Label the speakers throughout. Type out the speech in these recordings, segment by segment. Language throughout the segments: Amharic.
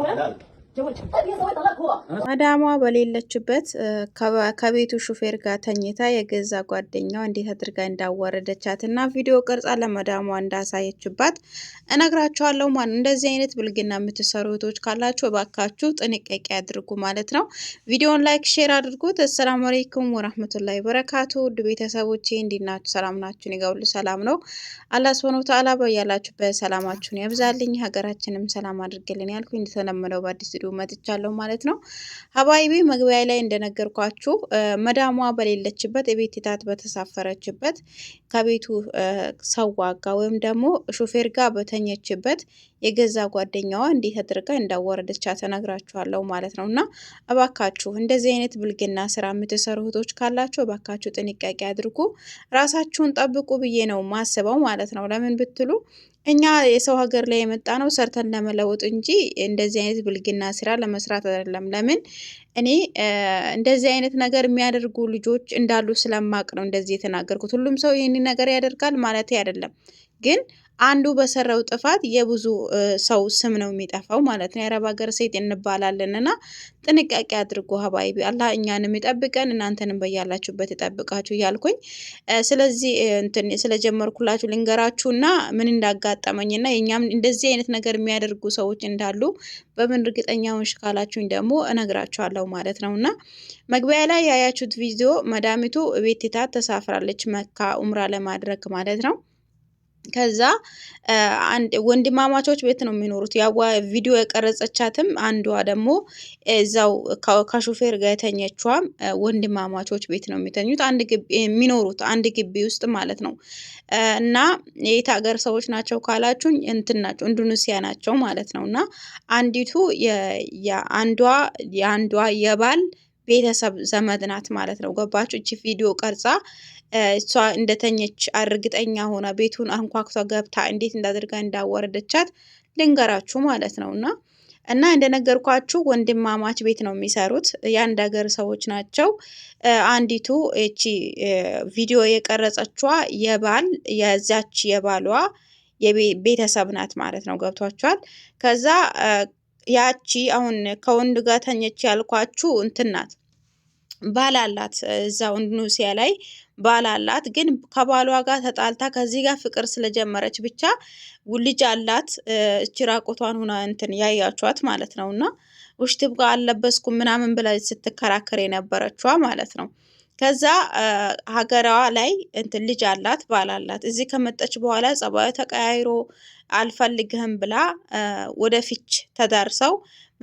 Speaker 1: ይሆናል አዳሟ በሌለችበት ከቤቱ ሹፌር ጋር ተኝታ የገዛ ጓደኛው እንዴት አድርጋ እንዳዋረደቻት እና ቪዲዮ ቅርጻ ለመዳሟ እንዳሳየችባት እነግራችኋለሁ። ማን እንደዚህ አይነት ብልግና የምትሰሩ እህቶች ካላችሁ እባካችሁ ጥንቃቄ አድርጉ ማለት ነው። ቪዲዮን ላይክ፣ ሼር አድርጉት። አሰላሙ አለይኩም ወራህመቱላሂ ወበረካቱ። ውድ ቤተሰቦቼ እንዴት ናችሁ? ሰላም ናችሁን? ይገውል ሰላም ነው። አላህ ሱብሃነሁ ወተዓላ በያላችሁበት ሰላማችሁን ያብዛልኝ፣ ሀገራችንም ሰላም አድርግልን ያልኩ እንደተለመደው በአዲስ ስቱዲዮ መጥቻለሁ ማለት ነው። ሀባይቢ መግቢያ ላይ እንደነገርኳችሁ መዳሟ በሌለችበት የቤት ታት በተሳፈረችበት ከቤቱ ጋ ወይም ደግሞ ሹፌር ጋር በተኘችበት የገዛ ጓደኛዋ እንዲህ አድርጋ እንዳወረደቻ ተነግራችኋለሁ ማለት ነው። እና እባካችሁ እንደዚህ አይነት ብልግና ስራ የምትሰሩ እህቶች ካላችሁ እባካችሁ ጥንቃቄ አድርጉ፣ ራሳችሁን ጠብቁ ብዬ ነው ማስበው ማለት ነው። ለምን ብትሉ እኛ የሰው ሀገር ላይ የመጣ ነው ሰርተን ለመለወጥ እንጂ እንደዚህ አይነት ብልግና ስራ ለመስራት አይደለም። ለምን እኔ እንደዚህ አይነት ነገር የሚያደርጉ ልጆች እንዳሉ ስለማቅ ነው እንደዚህ የተናገርኩት። ሁሉም ሰው ይህን ነገር ያደርጋል ማለት አይደለም ግን አንዱ በሰራው ጥፋት የብዙ ሰው ስም ነው የሚጠፋው ማለት ነው። የአረብ ሀገር ሴት እንባላለን እና ጥንቃቄ አድርጎ ሀባይቢ አላህ እኛንም ይጠብቀን እናንተንም በያላችሁበት ይጠብቃችሁ እያልኩኝ ስለዚህ እንትን ስለጀመርኩላችሁ ልንገራችሁና ምን እንዳጋጠመኝና የእኛም እንደዚህ አይነት ነገር የሚያደርጉ ሰዎች እንዳሉ በምን እርግጠኛውን ሽካላችሁኝ ደግሞ እነግራችኋለሁ ማለት ነው። እና መግቢያ ላይ ያያችሁት ቪዲዮ መዳሚቱ ቤትታ ተሳፍራለች መካ ኡምራ ለማድረግ ማለት ነው። ከዛ አንድ ወንድማማቾች ቤት ነው የሚኖሩት። ያዋ ቪዲዮ የቀረጸቻትም አንዷ ደግሞ እዛው ከሹፌር ጋር የተኘቿም ወንድማማቾች ቤት ነው የሚተኙት አንድ ግቢ የሚኖሩት አንድ ግቢ ውስጥ ማለት ነው። እና የየት ሀገር ሰዎች ናቸው ካላችሁኝ እንትን ናቸው ኢንዶኔሲያ ናቸው ማለት ነው። እና አንዲቱ የአንዷ የአንዷ የባል ቤተሰብ ዘመድ ናት ማለት ነው። ገባችሁ? እቺ ቪዲዮ ቀርጻ እሷ እንደተኘች እርግጠኛ ሆና ቤቱን አንኳኩቷ ገብታ እንዴት እንዳደርጋ እንዳወረደቻት ልንገራችሁ ማለት ነው እና እና እንደነገርኳችሁ ወንድማማች ቤት ነው የሚሰሩት። የአንድ ሀገር ሰዎች ናቸው። አንዲቱ እቺ ቪዲዮ የቀረጸችዋ የባል የዛች የባሏ ቤተሰብ ናት ማለት ነው። ገብቷችኋል? ከዛ ያቺ አሁን ከወንድ ጋር ተኘች ያልኳችሁ እንትን ናት ባላላት እዛው እንዱሲያ ላይ ባላላት ግን ከባሏ ጋር ተጣልታ ከዚህ ጋር ፍቅር ስለጀመረች ብቻ ልጅ አላት። እች ራቁቷን ሁና እንትን ያያቿት ማለት ነው። እና ውሽትብ ጋር አለበስኩ ምናምን ብላ ስትከራከር የነበረችዋ ማለት ነው። ከዛ ሀገራዋ ላይ እንትን ልጅ አላት ባላላት። እዚህ ከመጣች በኋላ ጸባዩ ተቀያይሮ አልፈልግህም ብላ ወደ ተዳርሰው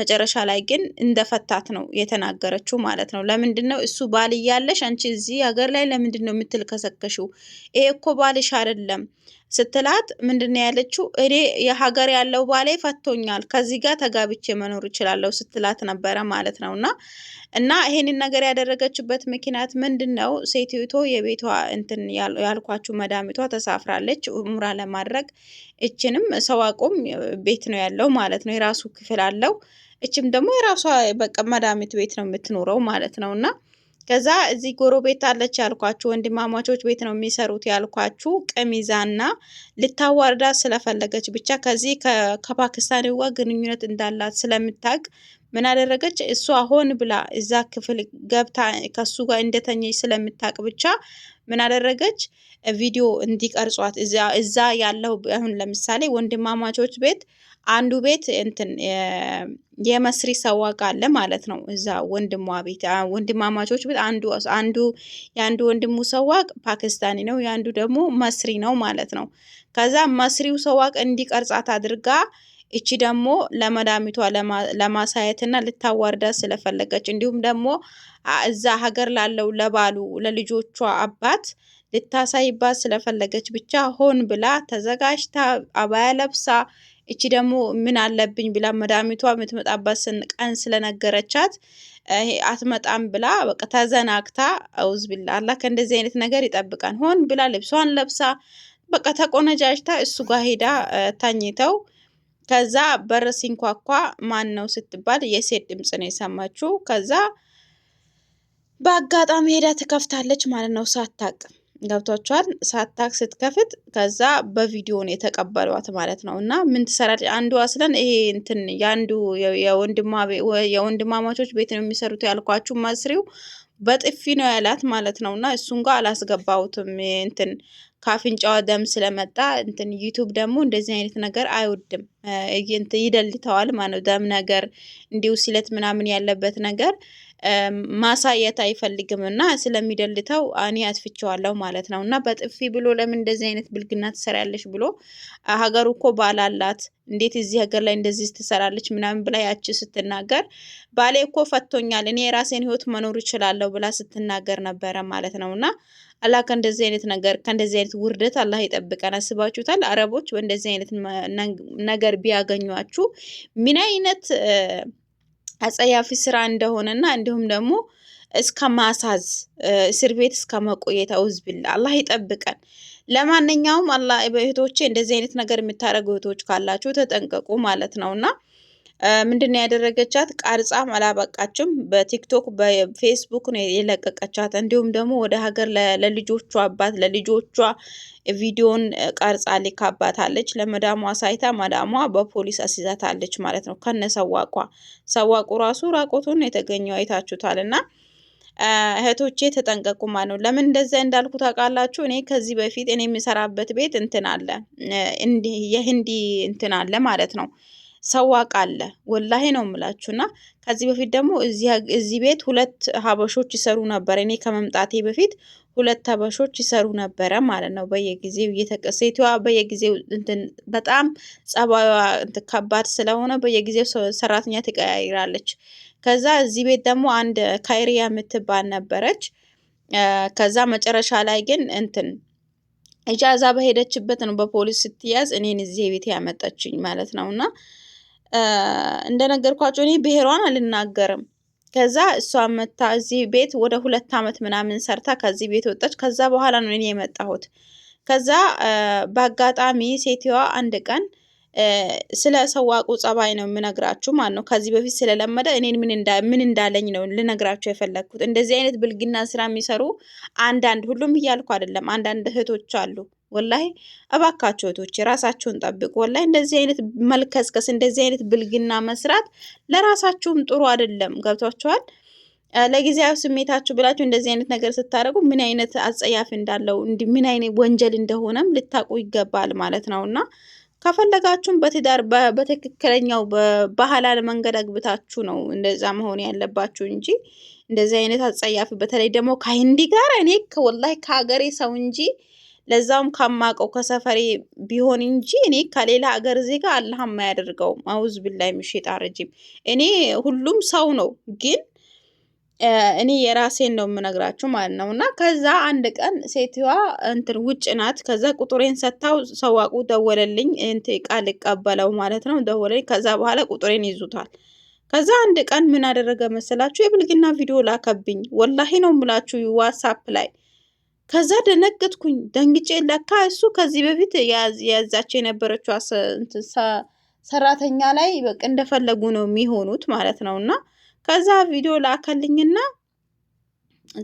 Speaker 1: መጨረሻ ላይ ግን እንደፈታት ነው የተናገረችው ማለት ነው። ለምንድን ነው እሱ ባል እያለሽ አንቺ እዚህ ሀገር ላይ ለምንድን ነው የምትልከሰከሽው? ይሄ እኮ ባልሽ አይደለም ስትላት ምንድን ነው ያለችው? እኔ የሀገር ያለው ባሌ ፈቶኛል፣ ከዚህ ጋር ተጋብቼ መኖር እችላለሁ ስትላት ነበረ ማለት ነው። እና እና ይሄንን ነገር ያደረገችበት ምክንያት ምንድን ነው? ሴትዮቶ የቤቷ እንትን ያልኳችሁ መዳሚቷ ተሳፍራለች ኡምራ ለማድረግ እችንም ሰዋቆም ቤት ነው ያለው ማለት ነው። የራሱ ክፍል አለው። እችም ደግሞ የራሷ በቃ መዳሚት ቤት ነው የምትኖረው ማለት ነው እና ከዛ እዚህ ጎረቤት አለች ያልኳችሁ ወንድማማቾች ቤት ነው የሚሰሩት ያልኳችሁ ቀሚዛና ልታዋርዳ ስለፈለገች ብቻ ከዚህ ከፓኪስታኒዋ ግንኙነት እንዳላት ስለምታቅ ምን አደረገች? እሷ ሆን ብላ እዛ ክፍል ገብታ ከሱ ጋር እንደተኘች ስለምታቅ ብቻ ምን አደረገች? ቪዲዮ እንዲቀርጿት እዛ ያለው አሁን ለምሳሌ ወንድማማቾች ቤት አንዱ ቤት እንትን የመስሪ ሰዋቅ አለ ማለት ነው። እዛ ወንድሟ ቤት ወንድማማቾች ቤት አንዱ አንዱ የአንዱ ወንድሙ ሰዋቅ ፓኪስታኒ ነው፣ የአንዱ ደግሞ መስሪ ነው ማለት ነው። ከዛ መስሪው ሰዋቅ እንዲቀርጻት አድርጋ እቺ ደግሞ ለመዳሚቷ ለማሳየትና ልታዋርዳ ስለፈለገች እንዲሁም ደግሞ እዛ ሀገር ላለው ለባሉ ለልጆቿ አባት ልታሳይባት ስለፈለገች ብቻ ሆን ብላ ተዘጋጅታ አባያ ለብሳ እቺ ደግሞ ምን አለብኝ ብላ መድኃኒቷ የምትመጣበት ቀን ስለነገረቻት አትመጣም ብላ በቃ ተዘናግታ አውዝ ብላ አላ ከእንደዚህ አይነት ነገር ይጠብቃን። ሆን ብላ ልብሷን ለብሳ በቃ ተቆነጃጅታ እሱ ጋር ሄዳ ተኝተው ከዛ በር ሲንኳኳ ማን ነው ስትባል የሴት ድምፅ ነው የሰማችው። ከዛ በአጋጣሚ ሄዳ ትከፍታለች ማለት ነው ሳታቅም ገብቷቸዋል። ሳታክ ስትከፍት ከዛ በቪዲዮ ነው የተቀበሏት ማለት ነው። እና ምን ትሰራለች? አንዱ አስለን ይሄ እንትን የአንዱ የወንድማማቾች ቤት ነው የሚሰሩት ያልኳችሁ መስሪው በጥፊ ነው ያላት ማለት ነው። እና እሱን ጋር አላስገባሁትም እንትን ካፍንጫዋ ደም ስለመጣ እንትን ዩቱብ ደግሞ እንደዚህ አይነት ነገር አይወድም፣ ይደልተዋል ማለት ነው። ደም ነገር እንዲሁ ሲለት ምናምን ያለበት ነገር ማሳየት አይፈልግም እና ስለሚደልተው እኔ አትፍቸዋለሁ ማለት ነው። እና በጥፊ ብሎ ለምን እንደዚህ አይነት ብልግና ትሰሪያለሽ ብሎ ሀገሩ እኮ ባላላት እንዴት እዚህ ሀገር ላይ እንደዚህ ትሰራለች ምናምን ብላ ያች ስትናገር ባሌ እኮ ፈቶኛል እኔ የራሴን ህይወት መኖር እችላለሁ ብላ ስትናገር ነበረ ማለት ነው። እና አላህ ከእንደዚህ አይነት ነገር ከእንደዚህ አይነት ውርደት አላህ ይጠብቀን። አስባችሁታል? አረቦች በእንደዚህ አይነት ነገር ቢያገኟችሁ ምን አይነት አጸያፊ ስራ እንደሆነና እንዲሁም ደግሞ እስከ ማሳዝ እስር ቤት እስከ መቆየት አውዝብላ አላህ ይጠብቀን። ለማንኛውም አላህ በእህቶቼ እንደዚህ አይነት ነገር የምታደርጉ እህቶች ካላችሁ ተጠንቀቁ ማለት ነው እና ምንድን ነው ያደረገቻት? ቃርጻም አላበቃችም። በቲክቶክ በፌስቡክ ነው የለቀቀቻት። እንዲሁም ደግሞ ወደ ሀገር ለልጆቿ አባት ለልጆቿ ቪዲዮን ቀርጻ ልካባታለች። ለመዳሟ ሳይታ መዳሟ በፖሊስ አስይዛታለች ማለት ነው። ከነ ሰዋቋ ሰዋቁ ራሱ ራቆቱን የተገኘው አይታችሁታል እና እህቶቼ ተጠንቀቁ ማለት ነው። ለምን እንደዚያ እንዳልኩ ታውቃላችሁ? እኔ ከዚህ በፊት እኔ የምሰራበት ቤት እንትን አለ፣ የህንዲ እንትን አለ ማለት ነው ሰው አለ። ወላሄ ነው የምላችሁ። እና ከዚህ በፊት ደግሞ እዚህ ቤት ሁለት ሀበሾች ይሰሩ ነበር። እኔ ከመምጣቴ በፊት ሁለት ሀበሾች ይሰሩ ነበረ ማለት ነው። በየጊዜው ሴትዮዋ በየጊዜው በጣም ጸባዩዋ ከባድ ስለሆነ በየጊዜው ሰራተኛ ትቀያይራለች። ከዛ እዚህ ቤት ደግሞ አንድ ካይሪያ የምትባል ነበረች። ከዛ መጨረሻ ላይ ግን እንትን ኢጃዛ በሄደችበት ነው በፖሊስ ስትያዝ እኔን እዚህ ቤት ያመጣችኝ ማለት ነው እና እንደነገርኳቸው እኔ ብሔሯን አልናገርም። ከዛ እሷ መታ እዚህ ቤት ወደ ሁለት ዓመት ምናምን ሰርታ ከዚህ ቤት ወጣች። ከዛ በኋላ ነው እኔ የመጣሁት። ከዛ በአጋጣሚ ሴትዮዋ አንድ ቀን ስለ ሰዋቁ ጸባይ ነው የምነግራችሁ ማለት ነው። ከዚህ በፊት ስለለመደ እኔን ምን እንዳለኝ ነው ልነግራችሁ የፈለግኩት። እንደዚህ አይነት ብልግና ስራ የሚሰሩ አንዳንድ ሁሉም እያልኩ አይደለም፣ አንዳንድ እህቶች አሉ ወላሂ እባካችሁ እህቶች ራሳቸውን ጠብቁ። ወላሂ እንደዚህ አይነት መልከስከስ፣ እንደዚህ አይነት ብልግና መስራት ለራሳችሁም ጥሩ አይደለም። ገብቷችኋል? ለጊዜያዊ ስሜታችሁ ብላችሁ እንደዚህ አይነት ነገር ስታደርጉ ምን አይነት አጸያፊ እንዳለው ምን አይነት ወንጀል እንደሆነም ልታውቁ ይገባል ማለት ነው እና ከፈለጋችሁም በትዳር በትክክለኛው በባህላል መንገድ አግብታችሁ ነው እንደዛ መሆን ያለባችሁ እንጂ እንደዚህ አይነት አጸያፊ በተለይ ደግሞ ከሂንዲ ጋር እኔ ወላሂ ከሀገሬ ሰው እንጂ ለዛውም ከማቀው ከሰፈሬ ቢሆን እንጂ እኔ ከሌላ ሀገር ዜጋ አላህ አያደርገውም። አውዝ ብላይ የሚሸጣ ረጅም እኔ ሁሉም ሰው ነው ግን እኔ የራሴን ነው የምነግራችሁ ማለት ነው። እና ከዛ አንድ ቀን ሴትዋ እንትን ውጭ ናት። ከዛ ቁጥሬን ሰታው ሰዋቁ ደወለልኝ። እንት እቃ ልቀበለው ማለት ነው ደወለልኝ። ከዛ በኋላ ቁጥሬን ይዙታል። ከዛ አንድ ቀን ምን አደረገ መሰላችሁ? የብልግና ቪዲዮ ላከብኝ። ወላሂ ነው የምላችሁ ዋትሳፕ ላይ ከዛ ደነገጥኩኝ። ደንግጬ ለካ እሱ ከዚህ በፊት የያዛቸው የነበረችው ሰራተኛ ላይ በቃ እንደፈለጉ ነው የሚሆኑት ማለት ነው። እና ከዛ ቪዲዮ ላከልኝና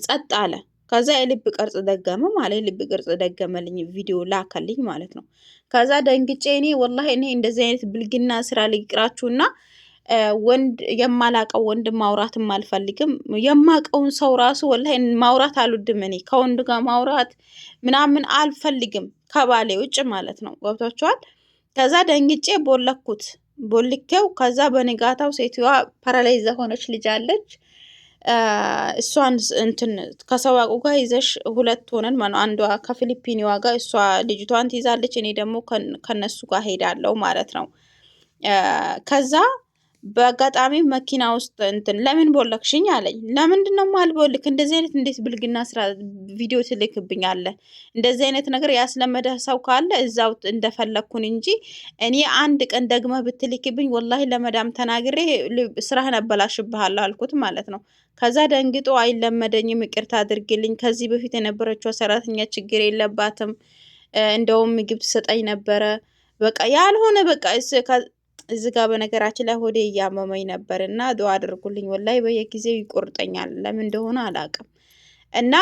Speaker 1: ጸጥ አለ። ከዛ የልብ ቅርጽ ደገመ ማለት የልብ ቅርጽ ደገመልኝ፣ ቪዲዮ ላከልኝ ማለት ነው። ከዛ ደንግጬ እኔ ወላሂ እኔ እንደዚህ አይነት ብልግና ስራ ልቅራችሁና ወንድ የማላቀው ወንድ ማውራትም አልፈልግም። የማቀውን ሰው ራሱ ወላሂ ማውራት አልወድም። እኔ ከወንድ ጋር ማውራት ምናምን አልፈልግም፣ ከባሌ ውጭ ማለት ነው። ገብቷችኋል? ከዛ ደንግጬ ቦለኩት፣ ቦልኬው ከዛ በንጋታው ሴትዮዋ ፓራላይዝ ሆነች ልጅ አለች። እሷን እንትን ከሰዋቁ ጋር ይዘሽ ሁለት ሆነን ማለት አንዷ ከፊሊፒኒዋ ጋር እሷ ልጅቷን ትይዛለች፣ እኔ ደግሞ ከነሱ ጋር ሄዳለው ማለት ነው። ከዛ በአጋጣሚ መኪና ውስጥ እንትን ለምን ቦለክሽኝ አለኝ። ለምንድን ነው የማልቦልክ? እንደዚህ አይነት እንዴት ብልግና ስራ ቪዲዮ አለ። እንደዚህ አይነት ነገር ያስለመደ ሰው ካለ እዛው እንደፈለግኩን እንጂ እኔ አንድ ቀን ደግመ ብትልክብኝ ወላሂ ለመዳም ተናግሬ ስራህን አበላሽብሃለሁ አልኩት ማለት ነው። ከዛ ደንግጦ አይለመደኝም፣ ይቅርታ አድርግልኝ። ከዚህ በፊት የነበረችው ሰራተኛ ችግር የለባትም፣ እንደውም ምግብ ትሰጠኝ ነበረ። በቃ ያልሆነ በቃ እዚህ ጋር በነገራችን ላይ ሆዴ እያመመኝ ነበር እና ዱአ አድርጉልኝ። ወላይ በየጊዜው ይቆርጠኛል፣ ለምን እንደሆነ አላውቅም። እና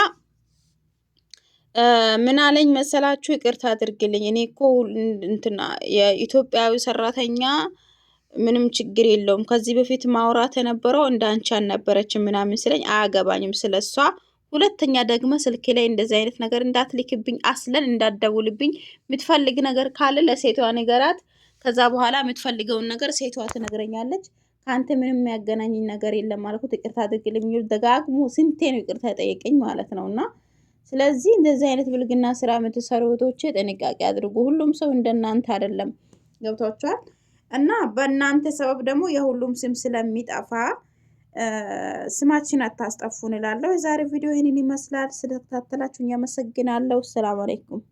Speaker 1: ምን አለኝ መሰላችሁ፣ ይቅርታ አድርግልኝ። እኔ እኮ እንትና የኢትዮጵያዊ ሰራተኛ ምንም ችግር የለውም። ከዚህ በፊት ማውራት የነበረው እንዳንቺ አልነበረችም ምናምን ስለኝ አያገባኝም ስለሷ ሁለተኛ ደግሞ ስልክ ላይ እንደዚህ አይነት ነገር እንዳትልክብኝ፣ አስለን እንዳደውልብኝ። የምትፈልግ ነገር ካለ ለሴቷ ንገራት፣ ከዛ በኋላ የምትፈልገውን ነገር ሴቷ ትነግረኛለች። ከአንተ ምንም የሚያገናኝኝ ነገር የለም አልኩት። ይቅርታ አድርግልኝ የሚል ደጋግሞ ስንቴ ነው ይቅርታ የጠየቀኝ ማለት ነው። እና ስለዚህ እንደዚህ አይነት ብልግና ስራ የምትሰሩ እህቶቼ ጥንቃቄ አድርጉ። ሁሉም ሰው እንደናንተ አይደለም። ገብቷችኋል? እና በእናንተ ሰበብ ደግሞ የሁሉም ስም ስለሚጠፋ ስማችን አታስጠፉን እላለሁ። የዛሬ ቪዲዮ ይህንን ይመስላል። ስለተከታተላችሁ አመሰግናለሁ። ሰላም አለይኩም።